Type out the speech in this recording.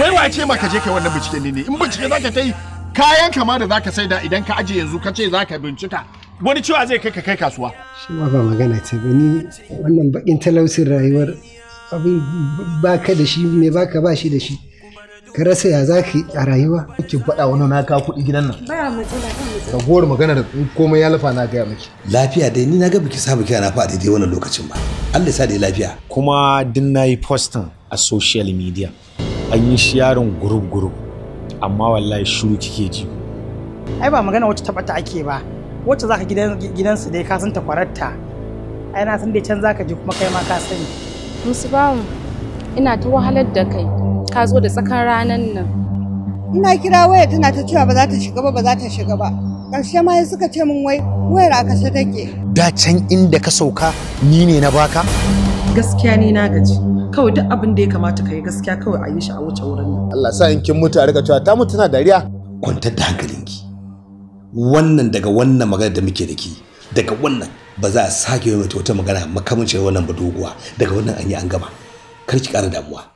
wai wace ma ka je kai wannan bincike ne ne in bincike zaka kai kayan kama da zaka saida idan ka aje yanzu ka ce zaka bincika wani ciwa zai kai ka kai kasuwa shi ma ba magana ce ba ni wannan bakin talausin rayuwar abin ka da shi me ka ba shi da shi ka rasa ya za a rayuwa kike faɗa wani na ka kuɗi gidan nan ba matsala ka gowar magana da komai ya lafa na gaya miki lafiya dai ni na ga biki sabu kira na fa dai wannan lokacin ba Allah ya sa dai lafiya kuma din nayi posting a social media an yi shi yaron gurub gurub amma wallahi shuru kike ji ai ba magana wacce tabbata ake ba wacce zaka gidan gidansu dai ka san ta kwararta ai na san dai can zaka ji kuma kai ma ka sani musbahu ina ta wahalar da kai ka zo da tsakar ranan nan ina kira waya tana ta cewa ba za ta shiga ba ba za ta shiga ba ƙarshe ma suka ce min wai wayar a kashe take da can inda ka sauka ni ne na baka gaskiya ne na gaji kawai duk abin da ya kamata ka yi gaskiya kawai a yi shi a wuce wurin nan Allah sa in kin mutu a rika cewa ta mutu tana dariya kwantar da hankalin ki wannan daga wannan magana da muke da ki daga wannan ba za a sake yi wata magana makamancin wannan ba doguwa daga wannan an yi an gama kar ki kara damuwa